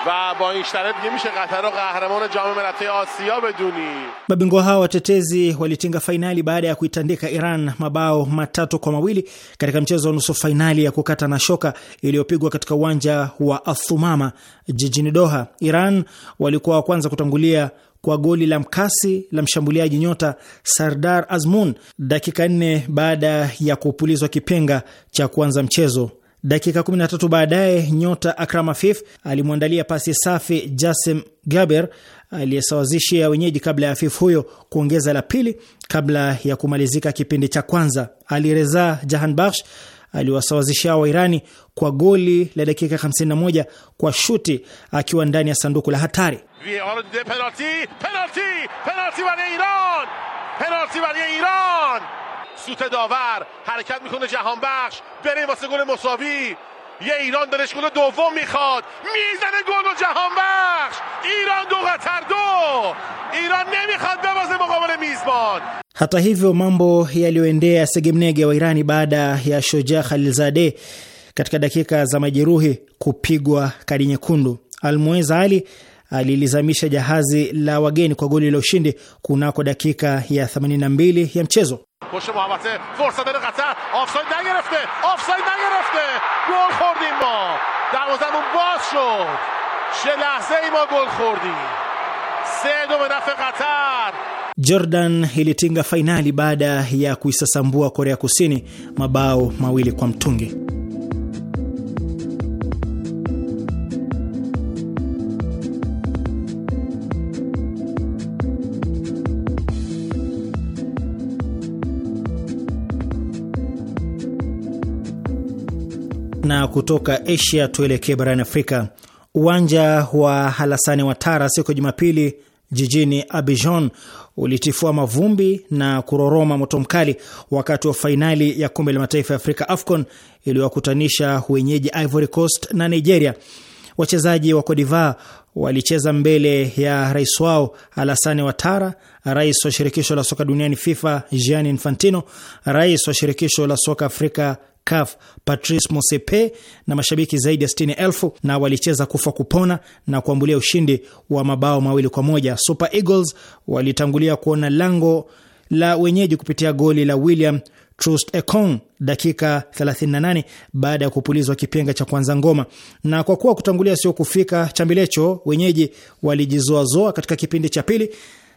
و با این شرط دیگه میشه قطر رو قهرمان جام ملت‌های آسیا بدونی mabingwa hao watetezi walitinga fainali baada ya kuitandika Iran mabao matatu kwa mawili katika mchezo wa nusu fainali ya kukata na shoka iliyopigwa katika uwanja wa Athumama jijini Doha. Iran walikuwa wa kwanza kutangulia kwa goli la mkasi la mshambuliaji nyota Sardar Azmun dakika nne baada ya kupulizwa kipenga cha kuanza mchezo. Dakika 13 baadaye nyota Akram Afif alimwandalia pasi safi Jasim Gaber aliyesawazishia wenyeji kabla ya Afif huyo kuongeza la pili kabla ya kumalizika kipindi cha kwanza. Alireza Jahanbakhsh aliwasawazishia Wairani kwa goli la dakika 51 kwa shuti akiwa ndani ya sanduku la hatari. penalti, penalti, penalti Iran, penalti Iran سوت داور حرکت میکنه جهان بخش بریم واسه گل مساوی یه ایران دلش گل دوم میخواد میزنه گل و جهان بخش ایران دو قطر دو ایران نمیخواد ببازه مقابل میزبان hata hivyo mambo yaliyoendea segemnege wa Irani baada ya Shojaa Khalilzade katika dakika za majeruhi kupigwa kadi nyekundu. Almuez Ali alilizamisha jahazi la wageni kwa goli la ushindi kunako dakika ya 82 ya mchezo. پشت محوطه فرصت داره قطر آفساید نگرفته آفساید نگرفته گل خوردیم ما دروازمون باز شد چه لحظه ای ما گل خوردیم سه دو به نفع قطر Jordan ilitinga fainali baada ya kuisasambua Korea Kusini mabao mawili kwa mtungi. Na kutoka Asia tuelekee barani Afrika. Uwanja wa Halasani Watara siku ya Jumapili jijini Abidjan ulitifua mavumbi na kuroroma moto mkali wakati wa fainali ya kombe la mataifa ya Afrika, AFCON, iliyowakutanisha wenyeji Ivory Coast na Nigeria. Wachezaji wa Kodiva walicheza mbele ya rais wao Alassane Watara, rais wa shirikisho la soka duniani FIFA Gianni Infantino, rais wa shirikisho la soka Afrika CAF Patrice Motsepe na mashabiki zaidi ya sitini elfu na walicheza kufa kupona na kuambulia ushindi wa mabao mawili kwa moja. Super Eagles walitangulia kuona lango la wenyeji kupitia goli la William Trust Ekong dakika 38 baada ya kupulizwa kipenga cha kwanza ngoma, na kwa kuwa kutangulia sio kufika chambilecho, wenyeji walijizoazoa katika kipindi cha pili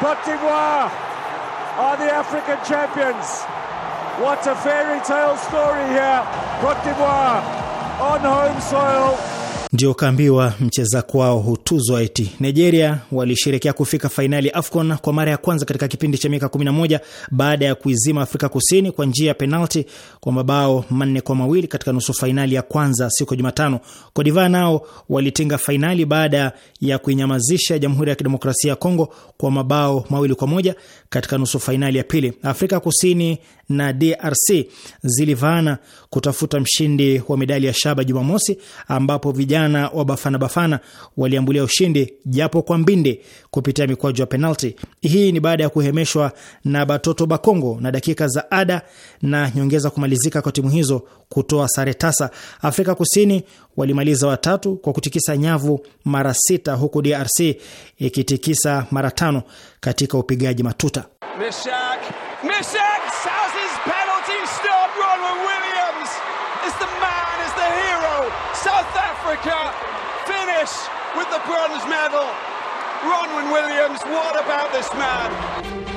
Cote d'Ivoire are the African champions. What a fairy tale story here. Cote d'Ivoire on home soil ndio ukaambiwa mcheza kwao hutuzwa eti. Nigeria walisherekea kufika fainali AFCON kwa mara ya kwanza katika kipindi cha miaka 11 baada ya kuizima Afrika Kusini kwa njia ya penalti kwa mabao manne kwa mawili katika nusu fainali ya kwanza siku ya Jumatano. Kodiva nao walitinga fainali baada ya kuinyamazisha Jamhuri ya Kidemokrasia ya Kongo kwa mabao mawili kwa moja katika nusu fainali ya pili. Afrika Kusini na DRC zilivaana kutafuta mshindi wa medali ya shaba Jumamosi ambapo vijana vijana wa Bafana Bafana waliambulia ushindi japo kwa mbinde kupitia mikwaju ya penalti. Hii ni baada ya kuhemeshwa na Batoto Bakongo na dakika za ada na nyongeza kumalizika kwa timu hizo kutoa sare tasa. Afrika Kusini walimaliza watatu kwa kutikisa nyavu mara sita huku DRC ikitikisa mara tano katika upigaji matuta Meshak. Meshak. with the bronze medal. Ronwin Williams, what about this man?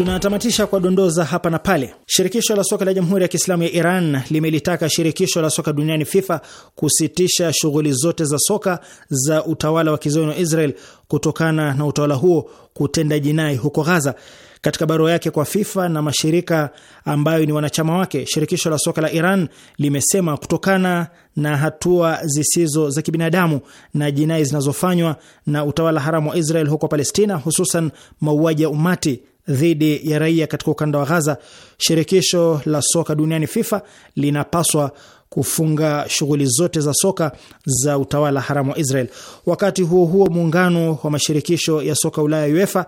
Tunatamatisha kwa dondoza hapa na pale. Shirikisho la soka la Jamhuri ya Kiislamu ya Iran limelitaka shirikisho la soka duniani FIFA kusitisha shughuli zote za soka za utawala wa kizayuni wa Israel kutokana na utawala huo kutenda jinai huko Gaza. Katika barua yake kwa FIFA na mashirika ambayo ni wanachama wake, shirikisho la soka la Iran limesema kutokana na hatua zisizo za kibinadamu na jinai zinazofanywa na utawala haramu wa Israel huko Palestina, hususan mauaji ya umati dhidi ya raia katika ukanda wa Ghaza, shirikisho la soka duniani FIFA linapaswa kufunga shughuli zote za soka za utawala haramu wa Israel. Wakati huo huo, muungano wa mashirikisho ya soka Ulaya UEFA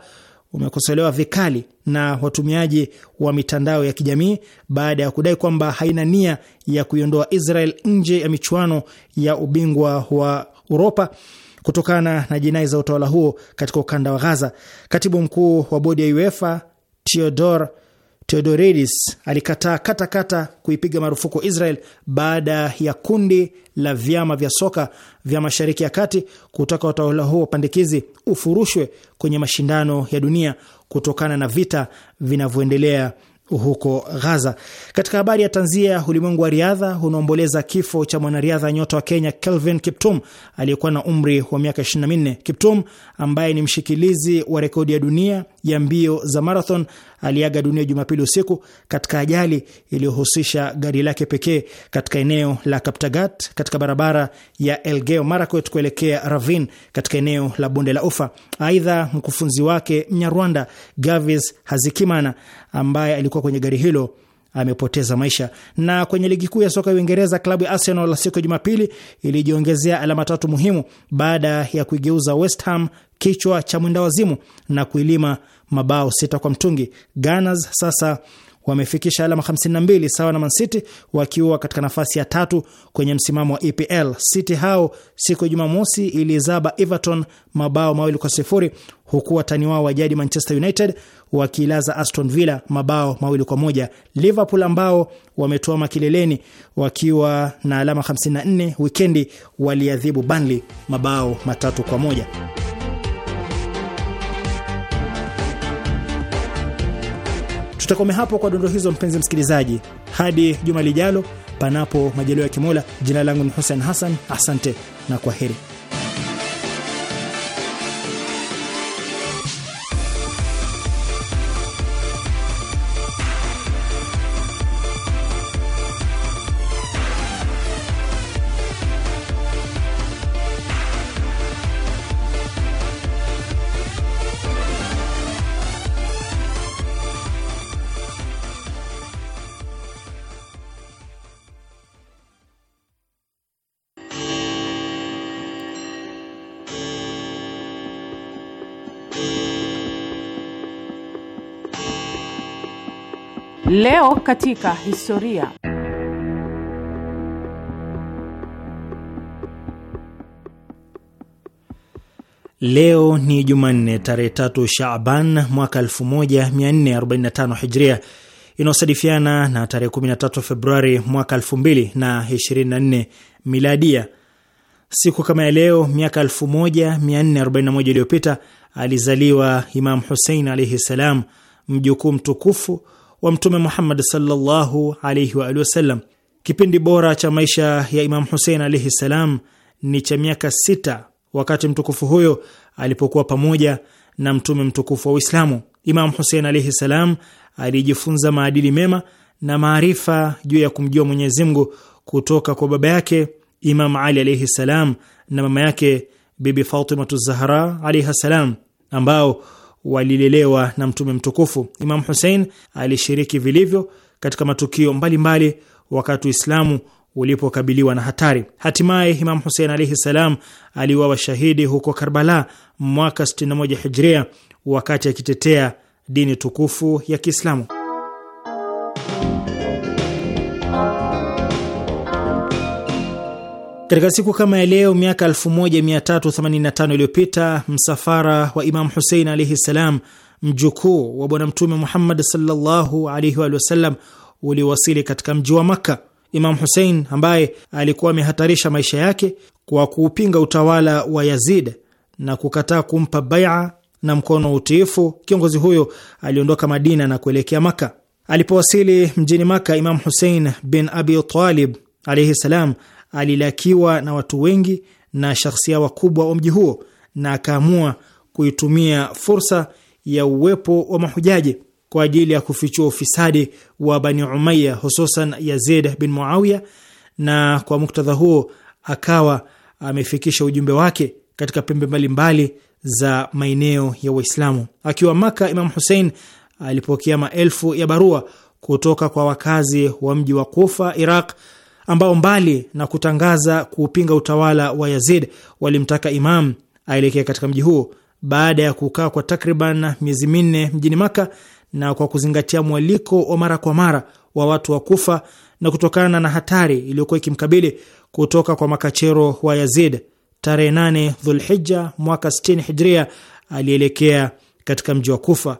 umekosolewa vikali na watumiaji wa mitandao ya kijamii baada ya kudai kwamba haina nia ya kuiondoa Israel nje ya michuano ya ubingwa wa Uropa kutokana na jinai za utawala huo katika ukanda wa Gaza. Katibu mkuu wa bodi ya UEFA Theodor Theodoridis alikataa kata katakata kuipiga marufuku Israel baada ya kundi la vyama vya soka vya Mashariki ya Kati kutaka utawala huo pandikizi ufurushwe kwenye mashindano ya dunia kutokana na vita vinavyoendelea huko Gaza. Katika habari ya tanzia, ulimwengu wa riadha unaomboleza kifo cha mwanariadha nyota wa Kenya Kelvin Kiptum aliyekuwa na umri wa miaka 24. Kiptum ambaye ni mshikilizi wa rekodi ya dunia ya mbio za marathon aliaga dunia Jumapili usiku katika ajali iliyohusisha gari lake pekee katika eneo la Kaptagat katika barabara ya Elgeyo Marakwet kuelekea Ravin katika eneo la bonde la Ufa. Aidha, mkufunzi wake Mnyarwanda Gavis Hazikimana ambaye alikuwa kwenye gari hilo amepoteza maisha. Na kwenye ligi kuu ya soka ya Uingereza, klabu ya Arsenal siku ya Jumapili ilijiongezea alama tatu muhimu baada ya kuigeuza West Ham kichwa cha mwendawazimu na kuilima mabao sita kwa mtungi. Gunners sasa wamefikisha alama 52 sawa na Man City wakiwa katika nafasi ya tatu kwenye msimamo wa EPL. City hao siku ya Jumamosi ilizaba Everton mabao mawili kwa sifuri huku watani wao wa jadi Manchester United wakiilaza Aston Villa mabao mawili kwa moja. Liverpool ambao wametoa makileleni wakiwa na alama 54 wikendi waliadhibu Burnley mabao matatu kwa moja. tutakome hapo kwa dondoo hizo, mpenzi msikilizaji, hadi juma lijalo, panapo majaliwa ya Kimola. Jina langu ni Hussein Hassan, asante na kwa heri. Leo katika historia. Leo ni Jumanne tarehe tatu Shaaban mwaka 1445 Hijria inayosadifiana na tarehe 13 Februari mwaka 2024 Miladia. Siku kama ya leo miaka 1441 iliyopita alizaliwa Imam Husein alaihi ssalam, mjukuu mtukufu wa Mtume Muhammad sallallahu alaihi wa alihi wasallam. Kipindi bora cha maisha ya Imam Husein alaihi salam ni cha miaka sita, wakati mtukufu huyo alipokuwa pamoja na mtume mtukufu wa Uislamu. Imam Husein alaihi salam alijifunza maadili mema na maarifa juu ya kumjua Mwenyezi Mungu kutoka kwa baba yake Imam Ali alaihi salam na mama yake Bibi Fatimatu Zahra alaihi salam ambao walilelewa na mtume mtukufu. Imam husein alishiriki vilivyo katika matukio mbalimbali mbali wakati Uislamu ulipokabiliwa na hatari. Hatimaye Imam husein alaihi ssalam aliuawa shahidi huko Karbala mwaka 61 Hijria wakati akitetea dini tukufu ya Kiislamu. Katika siku kama ya leo miaka 1385 iliyopita msafara wa Imam Husein alaihi ssalam, mjukuu wa Bwana Mtume Muhammad sallallahu alaihi wa sallam, uliwasili katika mji wa Makka. Imam Husein ambaye alikuwa amehatarisha maisha yake kwa kuupinga utawala wa Yazid na kukataa kumpa baia na mkono wa utiifu, kiongozi huyo aliondoka Madina na kuelekea Maka. Alipowasili mjini Maka, Imam Husein bin Abi Talib alaihi salam alilakiwa na watu wengi na shahsia wakubwa wa mji huo na akaamua kuitumia fursa ya uwepo wa mahujaji kwa ajili ya kufichua ufisadi wa Bani umaya hususan Yazid bin Muawiya, na kwa muktadha huo akawa amefikisha ujumbe wake katika pembe mbalimbali za maeneo ya Waislamu. Akiwa Maka, Imam Hussein alipokea maelfu ya barua kutoka kwa wakazi wa mji wa Kufa, Iraq ambao mbali na kutangaza kuupinga utawala wa Yazid walimtaka Imam aelekee katika mji huo. Baada ya kukaa kwa takriban miezi minne mjini Maka na kwa kuzingatia mwaliko wa mara kwa mara wa watu wa Kufa na kutokana na hatari iliyokuwa ikimkabili kutoka kwa makachero wa Yazid, tarehe 8 Dhulhija mwaka 60 Hijria alielekea katika mji wa Kufa.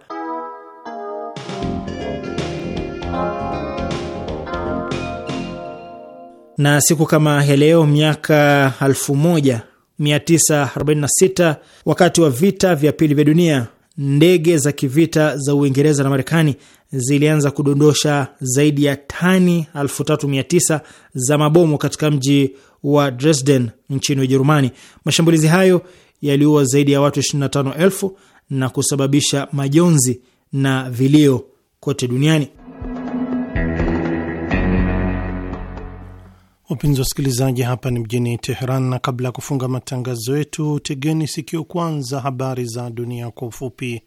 na siku kama ya leo miaka 1946 wakati wa vita vya pili vya dunia, ndege za kivita za Uingereza na Marekani zilianza kudondosha zaidi ya tani 3900 za mabomu katika mji wa Dresden nchini Ujerumani. Mashambulizi hayo yaliua zaidi ya watu 25,000 na kusababisha majonzi na vilio kote duniani. Wapenzi wasikilizaji, hapa ni mjini Teheran, na kabla ya kufunga matangazo yetu, tegeni sikio kwanza habari za dunia kwa ufupi.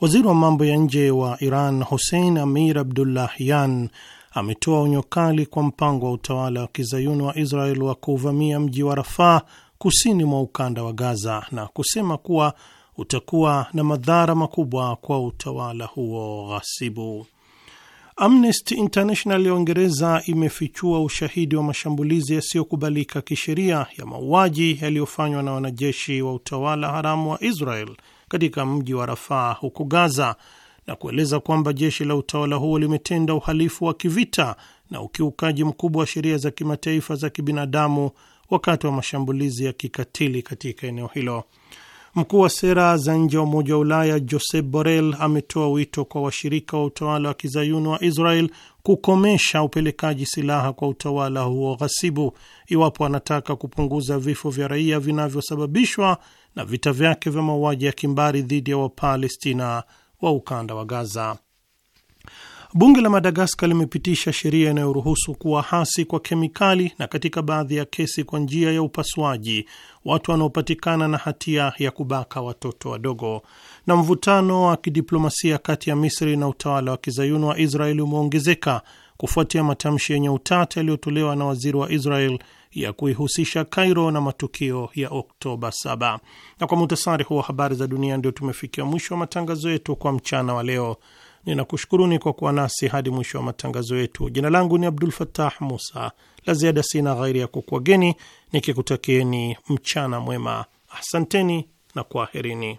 Waziri wa mambo ya nje wa Iran Hussein Amir Abdullahian ametoa onyo kali kwa mpango wa utawala wa kizayuni wa Israel wa kuuvamia mji wa Rafaa kusini mwa ukanda wa Gaza na kusema kuwa utakuwa na madhara makubwa kwa utawala huo ghasibu. Amnesty International ya Uingereza imefichua ushahidi wa mashambulizi yasiyokubalika kisheria ya mauaji yaliyofanywa na wanajeshi wa utawala haramu wa Israel katika mji wa Rafaa huko Gaza na kueleza kwamba jeshi la utawala huo limetenda uhalifu wa kivita na ukiukaji mkubwa wa sheria za kimataifa za kibinadamu wakati wa mashambulizi ya kikatili katika eneo hilo. Mkuu wa sera za nje wa Umoja wa Ulaya Josep Borrell ametoa wito kwa washirika wa utawala wa kizayuni wa Israel kukomesha upelekaji silaha kwa utawala huo ghasibu iwapo anataka kupunguza vifo vya raia vinavyosababishwa na vita vyake vya mauaji ya kimbari dhidi ya Wapalestina wa ukanda wa Gaza. Bunge la Madagaskar limepitisha sheria inayoruhusu kuwa hasi kwa kemikali na katika baadhi ya kesi kwa njia ya upasuaji watu wanaopatikana na hatia ya kubaka watoto wadogo. Na mvutano wa kidiplomasia kati ya Misri na utawala wa kizayuni wa israel umeongezeka kufuatia matamshi yenye utata yaliyotolewa na waziri wa Israel ya kuihusisha Kairo na matukio ya Oktoba 7. Na kwa muhtasari huo habari za dunia, ndio tumefikia mwisho wa matangazo yetu kwa mchana wa leo. Ninakushukuruni kwa kuwa nasi hadi mwisho wa matangazo yetu. Jina langu ni Abdul Fattah Musa. La ziada sina ghairi ya kukwageni nikikutakieni mchana mwema. Asanteni na kwaherini.